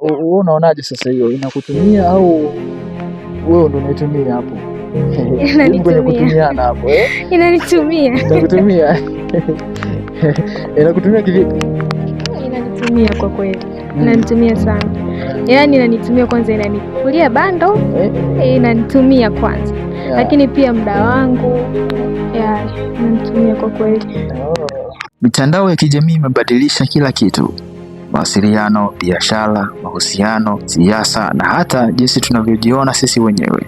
wewe unaonaje sasa, hiyo inakutumia au wewe ndio unaitumia hapo? Kutumiana hapo eh? inanitumia, inakutumia inakutumia kivipi? Inanitumia kwa kweli, hmm. inanitumia sana, yaani inanitumia kwanza, inanifulia bando, eh? e, inanitumia kwanza yeah. Lakini pia muda wangu ya inanitumia kwa kweli. Mitandao ya kijamii imebadilisha kila kitu mawasiliano, biashara, mahusiano, siasa na hata jinsi tunavyojiona sisi wenyewe.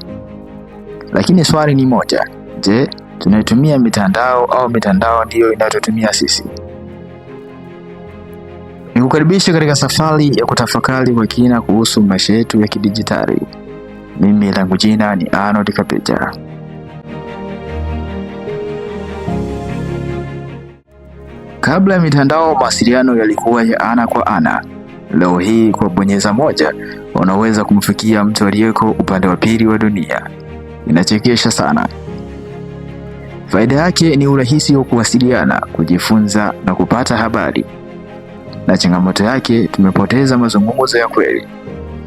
Lakini swali ni moja, je, tunaitumia mitandao au mitandao ndiyo inayotutumia sisi? Nikukaribisha katika safari ya kutafakari kwa kina kuhusu maisha yetu ya kidijitali. Mimi langu jina ni Arnold Kapeja. Kabla ya mitandao, mawasiliano yalikuwa ya ana kwa ana. Leo hii kwa bonyeza moja unaweza kumfikia mtu aliyeko upande wa pili wa dunia. Inachekesha sana. Faida yake ni urahisi wa kuwasiliana, kujifunza na kupata habari, na changamoto yake tumepoteza mazungumzo ya kweli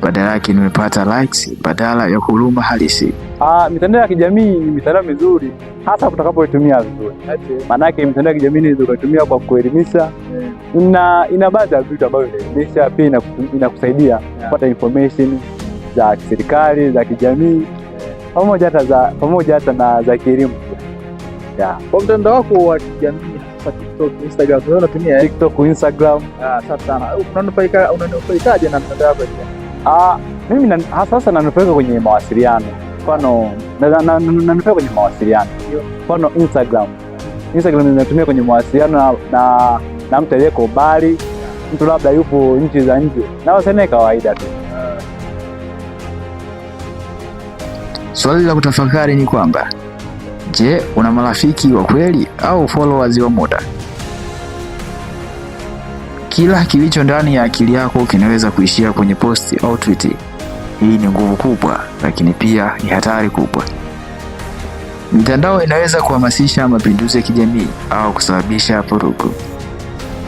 badala yake nimepata likes badala ya huruma halisi. Ah, mitandao ya kijamii ni mitandao mizuri hasa utakapoitumia vizuri. Maana yake mitandao ya kijamii ni ukaitumia kwa kuelimisha, na ina baadhi ya vitu ambavyo inaelimisha, pia ina, inakusaidia kupata information za kiserikali za kijamii pamoja hata za pamoja hata na za kielimu. Kwa mtandao wako wa kijamii TikTok, Instagram, unatumia eh? TikTok, Instagram. Ah, safi sana. Unanufaikaje na mtandao wako Ah, mimi na, sasa nanufaika kwenye mawasiliano. Mfano nanufaika kwenye mawasiliano. Mfano Instagram. Instagram ninatumia kwenye mawasiliano na na, na mtu aliyeko mbali, mtu labda yupo nchi za nje. Na wasene kawaida tu. Swali la kutafakari ni kwamba je, una marafiki wa kweli au followers wa muda? Kila kilicho ndani ya akili yako kinaweza kuishia kwenye posti au tweet. Hii ni nguvu kubwa, lakini pia ni hatari kubwa. Mitandao inaweza kuhamasisha mapinduzi ya kijamii au kusababisha vurugu.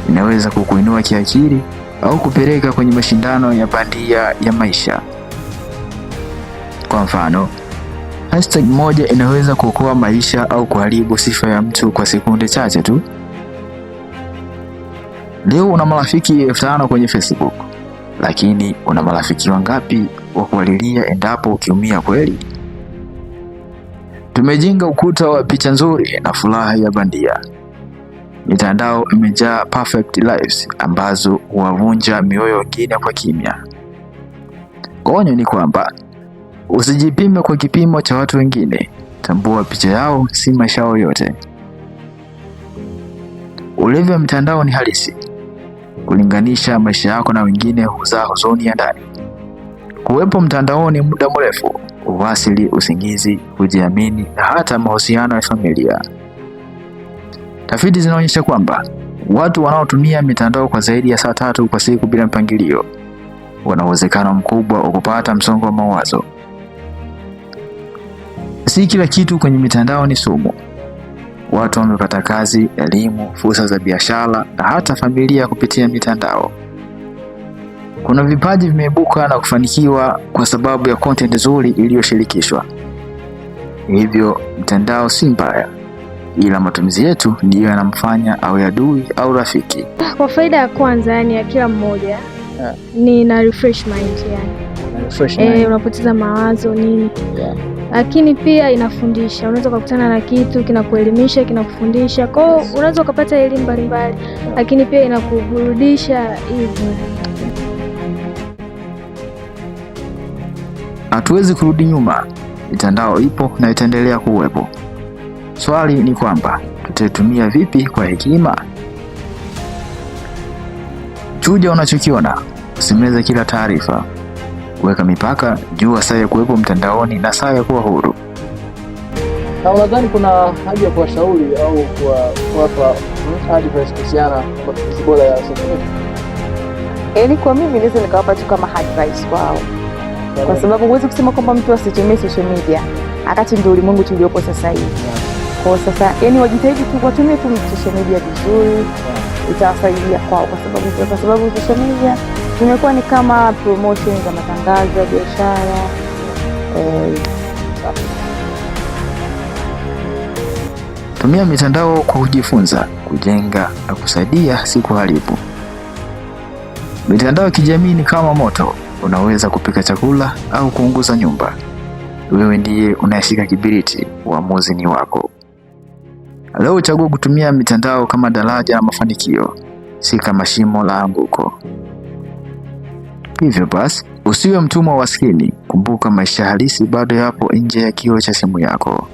Inaweza kukuinua kiakili au kupeleka kwenye mashindano ya bandia ya maisha. Kwa mfano, hashtag moja inaweza kuokoa maisha au kuharibu sifa ya mtu kwa sekunde chache tu. Leo una marafiki elfu tano kwenye Facebook, lakini una marafiki wangapi wa kuwalilia endapo ukiumia kweli? Tumejenga ukuta wa picha nzuri na furaha ya bandia. Mitandao imejaa perfect lives ambazo huwavunja mioyo wengine kwa kimya. Onyo ni kwamba usijipime kwa kipimo cha watu wengine, tambua picha yao si maisha yao yote. Ulevi wa mitandao ni halisi, Kulinganisha maisha yako na wengine huzaa huzuni ya ndani. Kuwepo mtandaoni muda mrefu uwasili usingizi, kujiamini na hata mahusiano ya familia. Tafiti zinaonyesha kwamba watu wanaotumia mitandao kwa zaidi ya saa tatu kwa siku bila mpangilio wana uwezekano mkubwa wa kupata msongo wa mawazo. Si kila kitu kwenye mitandao ni sumu. Watu wamepata kazi, elimu, fursa za biashara na hata familia kupitia mitandao. Kuna vipaji vimeibuka na kufanikiwa kwa sababu ya content nzuri iliyoshirikishwa. Hivyo mtandao si mbaya, ila matumizi yetu ndiyo yanamfanya awe adui au rafiki. Kwa faida ya kwanza, yani ya kila mmoja, yeah. ni na refresh mind yani eh, unapoteza mawazo nini, lakini yeah. Pia inafundisha, unaweza ukakutana na kitu kinakuelimisha, kinakufundisha kwao, unaweza ukapata elimu mbalimbali, lakini pia inakuburudisha hivyo. Hatuwezi kurudi nyuma, mitandao ipo na itaendelea kuwepo. Swali ni kwamba tutaitumia vipi kwa hekima? Chuja unachokiona, usimeze kila taarifa kuweka mipaka juu saa ya kuwepo mtandaoni na saa ya kuwa huru. Na unadhani kuna haja ya kuwashauri au kuwapa hmm, advice kuhusiana na matumizi bora ya social media? Yaani kwa mimi naweza nikawapa tu kama advice wao, kwa sababu huwezi kusema kwamba mtu asitumie social media akati ndio ulimwengu tuliopo sasa hivi. Kwa sasa yani wajitahidi tu watumie tu social media vizuri, itawasaidia kwao, kwa sababu kwa sababu social media zimekuwa ni kama promotion za matangazo ya biashara eh. Tumia mitandao kwa kujifunza, kujenga na kusaidia, si kuharibu. Mitandao ya kijamii ni kama moto, unaweza kupika chakula au kuunguza nyumba. Wewe ndiye unayeshika kibiriti, uamuzi ni wako. Leo uchagua kutumia mitandao kama daraja la mafanikio, si kama shimo la anguko. Hivyo basi usiwe mtumwa wa skini Kumbuka maisha halisi bado yapo nje ya kioo cha simu yako.